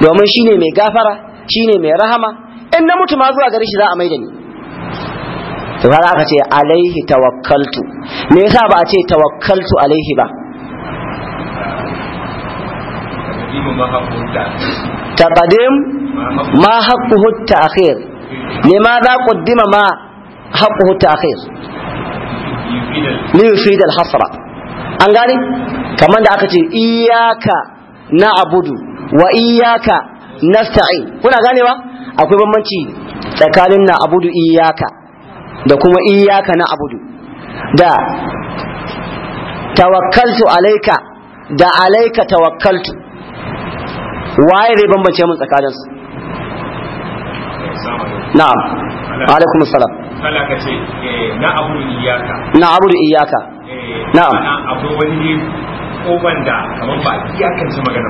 domin shi ne mai gafara shi ne mai rahama in na mutu ma zuwa gare shi za a maida ni to har aka ce alaihi tawakkaltu me yasa ba a ce tawakkaltu alaihi ba تقدم ما حقه za لماذا ma ما حقه التأخير liyufid alhasra an gane kamar da aka ce iyaka na abudu wa iyaka nasta'in kuna ganewa akwai bambanci tsakanin na abudu iyaka da kuma iyaka na abudu da tawakkaltu alaika da alaika tawakkaltu waye zai bambance mun tsakaninsu na'am alaikum salam Eh, iyaka na iyaka eh, na'am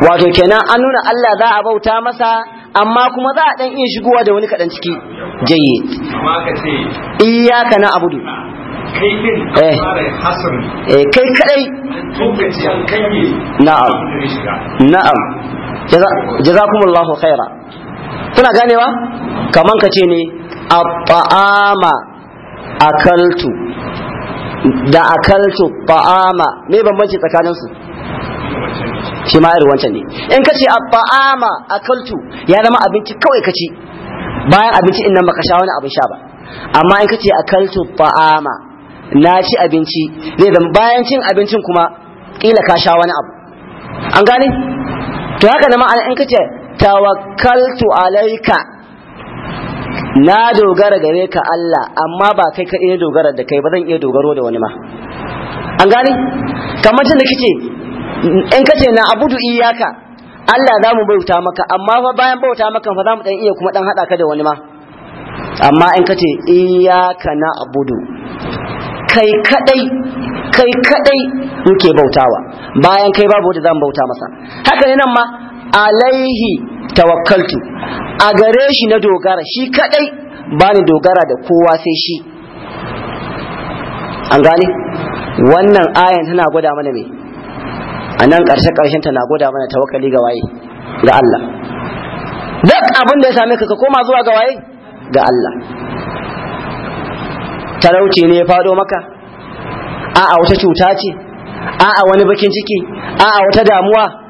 wato kenan an nuna Allah za a bauta masa amma kuma za a dan iya shigowa da wani kadan ciki jayi amma ka ce iyaka na abudu kai din eh. eh kai kadai tokaci an kanye na'am na'am jazakumullahu khaira kuna ganewa kaman kace ne at-ta'ama akaltu da akaltu Ba'ama me bambanci tsakanin su shi ma irin wancan ne in ka ce at-ta'ama akaltu ya zama abinci kawai ka ci bayan abinci in nan baka sha wani abin sha ba amma in ka ce akaltu Ba'ama na ci abinci zai zama bayan cin abincin kuma kila ka sha wani abu an gane to haka da ma'ana in ka ce tawakkaltu alaika na dogara gare ka Allah amma ba kai ka iya dogara da kai ba zan iya dogaro da wani ma an gane kamar tun da kace in kace na abudu iyaka Allah za mu bauta maka amma fa bayan bauta maka fa za mu dan iya kuma dan hada ka da wani ma amma in kace iyaka na abudu kai kadai kai kadai muke bautawa bayan kai babu wanda zan bauta masa haka ne nan ma alaihi tawakkaltu a gare shi na dogara shi kadai ni dogara da kowa sai shi an gane wannan ayan tana gwada mana me a nan ƙarshe ƙarshen tana gwada mana tawakkali ga waye ga Allah duk abin da ya same ka ka koma zuwa ga waye ga Allah talauci ne ya fado maka a'a wata cuta ce a'a wani bakin ciki a'a wata damuwa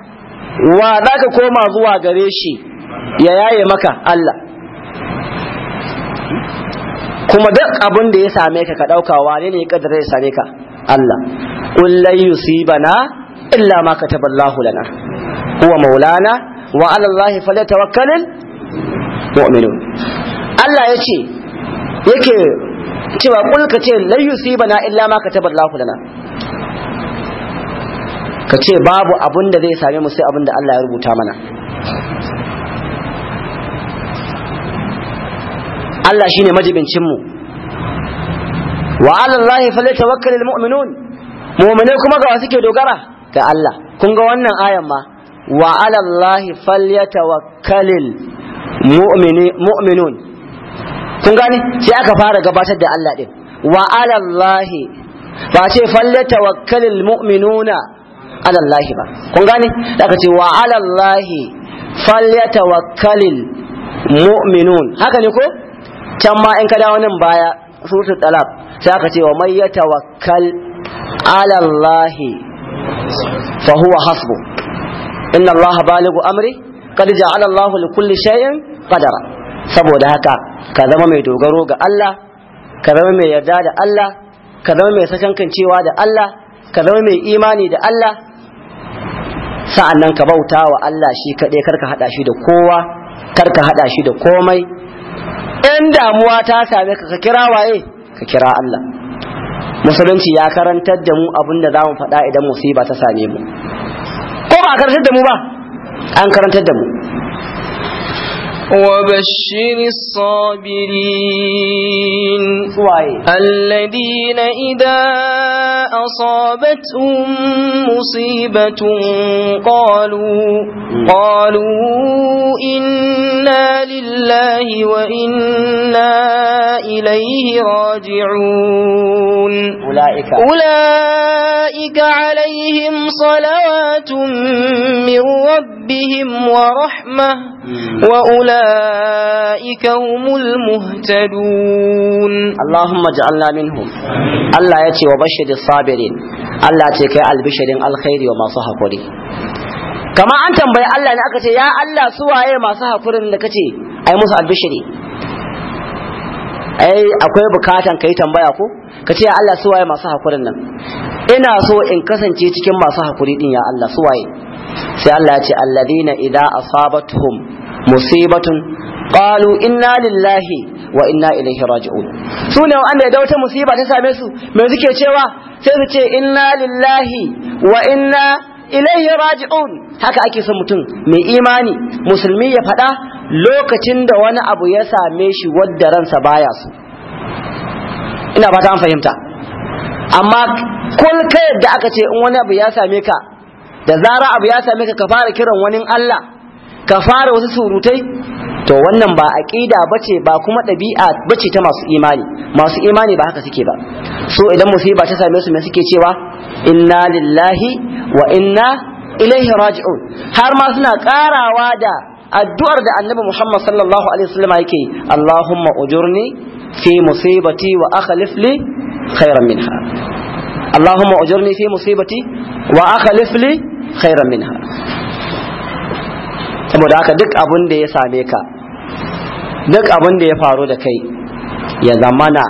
wa za ka koma zuwa gare shi ya yaye maka Allah kuma duk abin da ya same ka ka ɗauka wane ne ya kaddara ya same ka Allah kullai yusibana illa ma kataballahu lana huwa maulana wa ala Allah falyatawakkalul mu'minun Allah yace yake cewa kul ka ce la yusibana illa ma kataballahu lana ka ce babu abun da zai same mu sai abun da Allah ya rubuta mana Allah shine majibincin mu wa ala Allah falyatawakkalul mu'minun mu'minai kuma ga suke dogara ga Allah kun ga wannan ayan ma wa ala Allah falyatawakkalul mu'minun kun gane sai aka fara gabatar da Allah din wa ala Allah ba ce falyatawakkalul mu'minuna alallahi ba kun gane da aka ce wa alallahi falyatawakkalil mu'minun haka ne ko can ma in ka dawo nan baya surutu talab sai aka ce wa may yatawakkal alallahi fa huwa hasbu inna allaha baligu amri qad ja'ala allahu kulli shay'in qadara saboda haka ka zama mai dogaro ga Allah ka zama mai yarda da Allah ka zama mai sakankancewa da Allah ka zama mai imani da Allah sa'an nan ka bauta wa Allah shi kaɗai karka haɗa shi da kowa karka haɗa shi da komai in damuwa ta same ka ka kira waye ka kira Allah musulunci ya karantar da mu abin da za mu faɗa idan musiba ta same mu ko ba karantar da mu ba an karantar da mu وبشر الصابرين الذين إذا أصابتهم مصيبة قالوا قالوا إنا لله وإنا إليه راجعون أولئك, أولئك عليهم صلوات من ربهم ورحمة وأولئك أولئك هم المهتدون اللهم اجعلنا منهم الله يتي وبشر الصابرين الله تكي البشر الخير وما صحق لي كما أنت بي الله نأكتي يا الله سوى أي ما صحق لكتي أي موسى البشري ai akwai bukatan ka yi tambaya ko ka ce ya Allah suwaye masu hakurin nan ina so in kasance cikin masu hakuri din ya Allah suwaye sai Allah ya ce alladina idza asabatuhum musibatun qalu inna lillahi wa inna ilaihi raji'un su ne an da wata musiba ta same su me suke cewa sai su ce inna lillahi wa inna ilaihi raji'un haka ake son mutum mai imani musulmi ya faɗa lokacin da wani abu ya same shi wadda ransa baya su ina ba ta an fahimta amma kul kai da aka ce in wani abu ya same ka da zara abu ya same ka ka fara kiran wani Allah ka fara wasu surutai to wannan ba aqida bace ba kuma dabi'a bace ta masu imani masu imani ba haka suke ba so idan musiba ta same su me suke cewa inna lillahi wa inna ilaihi raji'un har ma suna karawa da addu'ar da annabi Muhammad sallallahu alaihi wasallam yake Allahumma ujurni fi musibati wa akhlif li khairan minha Allahumma ujurni fi musibati wa akhlif li khairan minha saboda haka duk abin da ya same ka duk abin da ya faru da kai ya zamana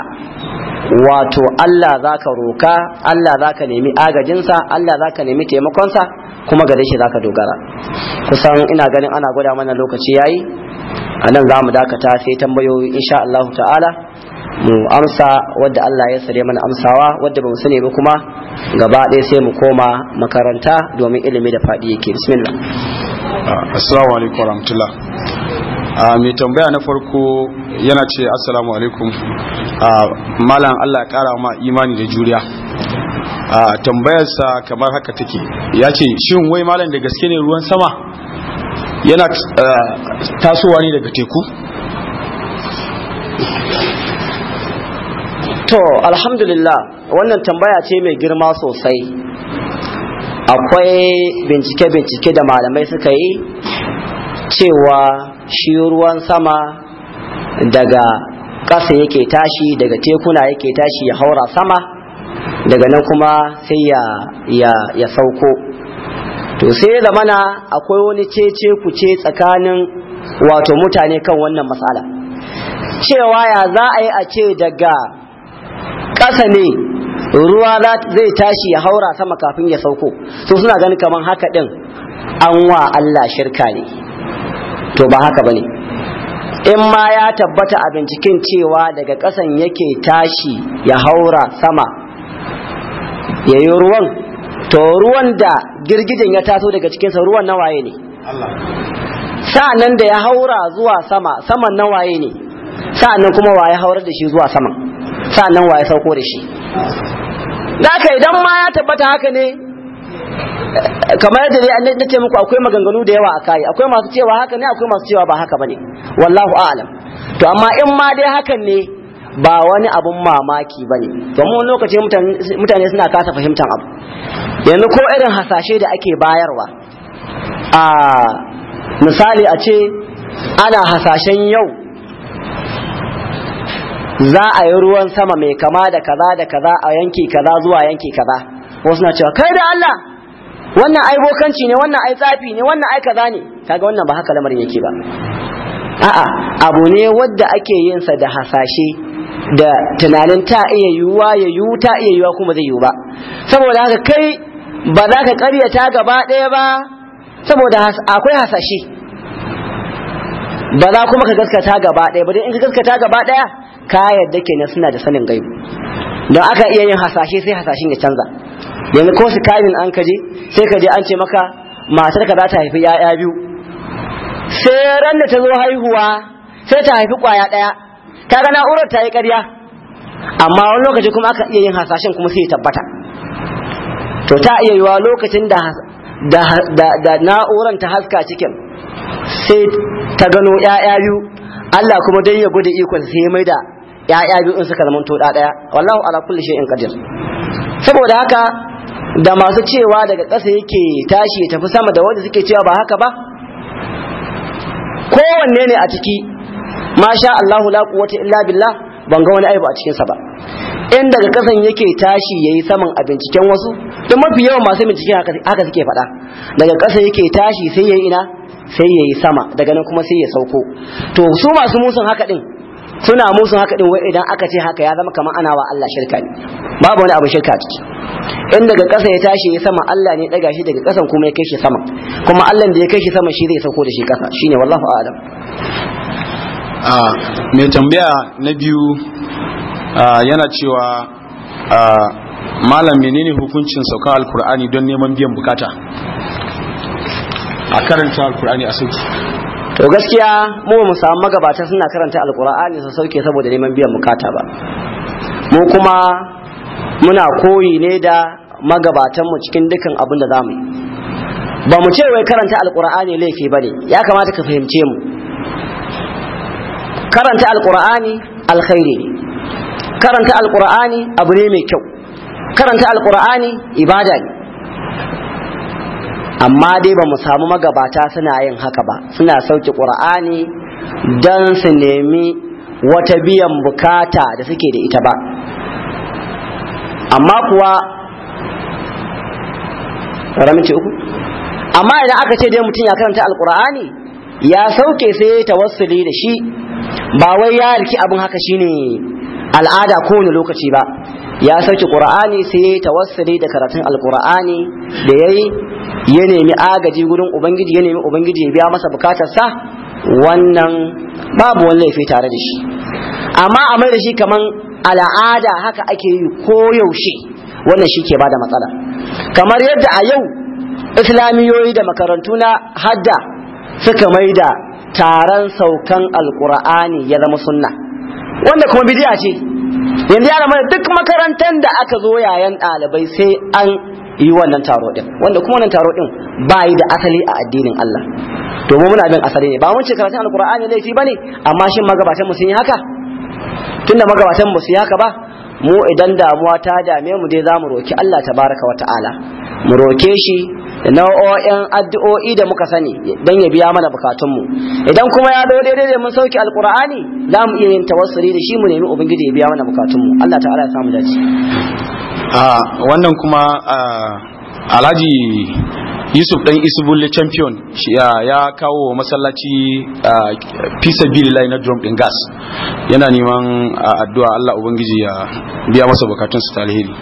wato Allah za ka roka Allah za ka nemi agajinsa Allah za ka nemi taimakonsa kuma gare shi za ka dogara kusan ina ganin ana gwada mana lokaci yayi a nan za mu dakata sai tambayoyi sha Allah ta'ala mu amsa wadda Allah ya sare mana amsawa wadda ba mu sani ba kuma gaba ɗaya sai mu koma makaranta domin ilimi da faɗi yake bismillah assalamu alaikum warahmatullah ah, mai tambaya na farko yana ce assalamu alaikum ah, malam Allah ya kara ma imani da juriya ah, tambayarsa kamar haka take ya ce shin wai malam da gaske ne ruwan sama yana tasowa ne daga teku to alhamdulillah wannan tambaya ce mai girma sosai akwai bincike-bincike da malamai suka yi cewa shi ruwan sama daga ƙasa yake tashi daga tekuna yake tashi ya haura sama daga nan kuma sai ya, ya, sauko to sai zamana akwai wani cece kuce tsakanin wato mutane kan wannan matsala cewa ya za a yi a ce daga ƙasa ne ruwa zai tashi ya haura sama kafin ya sauko so suna ganin kamar haka ɗin, an wa Allah shirka ne to ba haka bane in ma ya tabbata a binciken cewa daga ƙasan yake tashi ya haura sama ya yi ruwan to ruwan da girgijin ya taso daga cikinsa ruwan na waye ne sa'annan da ya haura zuwa sama saman na waye ne sa'annan kuma waye haura da shi zuwa sama sa'annan waye sauko da shi naka idan ma ya tabbata haka ne kamar yadda ne na ce muku akwai maganganu da yawa a kai akwai masu cewa haka ne akwai masu cewa ba haka bane wallahu a'lam to amma in ma dai hakan ne ba wani abun mamaki bane mu wani lokaci mutane suna kasa fahimtar abu yanzu ko irin hasashe da ake bayarwa a misali a ce ana hasashen yau za a yi ruwan sama mai kama da kaza da kaza a yanki kaza zuwa yanki kaza wasu na cewa kai da Allah wannan ai bokanci ne wannan ai tsafi ne wannan ai kaza ne kaga wannan ba haka lamarin yake ba a'a abu ne wanda ake yin sa da hasashe da tunanin ta iya yiwuwa ya yiwu ta iya yiwuwa kuma zai yiwu ba saboda haka kai ba za ka ta gaba ɗaya ba saboda akwai hasashe ba za kuma ka gaskata gaba ɗaya ba dai in ka gaskata gaba ɗaya ka yadda kenan suna da sanin gaibu don aka iya yin hasashe sai hasashen ya canza yanzu ko su kamin an kaje sai kaje an ce maka matar ka za ta haifi ya'ya biyu sai ran da ta zo haihuwa sai ta haifi kwaya daya ta ga na'urar ta yi karya. amma wani lokaci kuma aka iya yin hasashen kuma sai ya tabbata to ta iya yiwa lokacin da da na'urar ta haska cikin sai ta gano ya'ya biyu Allah kuma dai ya gode ikon sai mai da ya'ya biyu in suka zama to ɗaya wallahu ala kulli shay'in qadir saboda haka da masu cewa daga ƙasa yake tashi ya tafi sama da wanda suke cewa ba haka ba kowanne ne a ciki masha Allahu la quwwata illa billah ban ga wani aibu a cikin sa ba in daga ƙasan yake tashi yayi saman a binciken wasu don mafi yawan masu binciken haka suke faɗa daga ƙasa yake tashi sai yayi ina sai yayi sama daga nan kuma sai ya sauko to su masu musun haka din suna musu haka din wai idan aka ce haka ya zama kamar ana wa Allah shirka ne babu wani abu shirka ciki in daga ƙasa ya tashi ya sama Allah ne daga shi daga ƙasan kuma ya kai shi sama kuma Allah da ya kai shi sama shi zai sauko da shi ƙasa shine wallahu a'lam a mai tambaya na biyu yana cewa malam menene hukuncin sauka alkur'ani don neman biyan bukata a karanta alkur'ani a sauki to gaskiya mu ba mu samu magabata suna karanta alkur'ani su sauke saboda neman biyan bukata ba mu kuma muna koyi ne da magabatan mu cikin dukan abin da zamu ba mu ce wai karanta alkur'ani laifi bane ya kamata ka fahimce mu karanta alkur'ani alkhairi karanta alkur'ani abu ne mai kyau karanta alkur'ani ibada ne amma dai ba mu samu magabata suna yin haka ba suna sauke ƙur'ani don su nemi wata biyan bukata da suke da ita ba amma kuwa raminci uku amma idan aka ce dai mutum ya karanta alƙur'ani ya sauke sai ya tawassuli da shi ba wai ya riki abin haka shine al'ada kowane lokaci ba ya sauke qur'ani sai yayi tawassuli da karatun alqur'ani da yayi ya nemi agaji gurin ubangiji ya nemi ubangiji ya biya masa bukatarsa wannan babu wani laifi tare da shi amma a mai da shi kaman al'ada haka ake yi ko yaushe wannan shi ke bada matsala kamar yadda a yau islamiyoyi da makarantu na hadda suka mai da taron saukan alkur'ani ya zama sunna wanda kuma bidiya ce yanzu ya ramar duk makarantar da aka zo yayan ɗalibai sai an yi wannan taro ɗin wanda kuma wannan taro ɗin ba yi da asali a addinin Allah to mu muna bin asali ne ba mun ce karatun alkur'ani laifi ba ne amma shin magabatan mu sun yi haka tunda magabatan mu sun yi haka ba mu idan damuwa ta dame mu dai za mu roki Allah tabaraka wa ta'ala mu roke shi nau'o'in addu'o'i da muka sani don ya biya mana bukatunmu idan kuma ya zo daidai da mun sauki alkur'ani za mu iya yin tawassuli da shi mu nemi ubangiji ya biya mana bukatunmu Allah ta'ala ya samu dace a wannan kuma alhaji yusuf dan isubulle champion ya kawo masallaci fisa bililai na drum din gas yana neman addu'a Allah ubangiji ya biya masa bukatunsa ta alheri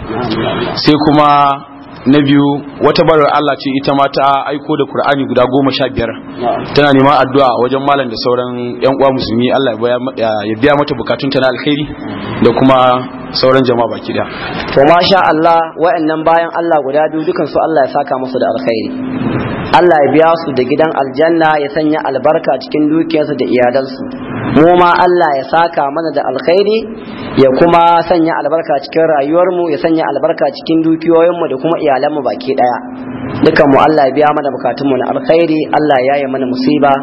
sai kuma na biyu wata barar Allah ce ita ma ta aiko da Qur'ani guda goma sha biyar tana neman addu'a wajen malam da sauran yan uwa musulmi Allah ya biya mata bukatun ta na alkhairi da kuma sauran jama'a baki da to masha Allah wa'annan bayan Allah guda biyu dukan su Allah ya saka musu da alkhairi Allah ya biya su da gidan aljanna ya sanya albarka cikin dukiyarsu da iyalansu mu ma Allah ya saka mana da alkhairi ya kuma sanya albarka cikin rayuwarmu ya sanya albarka cikin dukiyoyinmu da kuma iyalanmu baki daya dukan mu Allah ya biya mana bukatunmu na alkhairi Allah ya yi mana musiba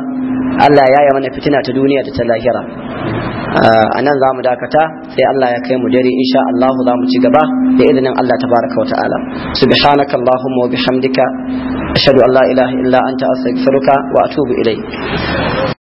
Allah ya yi mana fitina ta duniya da ta lahira a nan za mu dakata sai Allah ya kai mu dare insha Allah za mu ci gaba da ilimin Allah tabaraka wa ta'ala subhanaka allahumma wa bihamdika ashhadu an la ilaha illa anta astaghfiruka wa atubu ilayk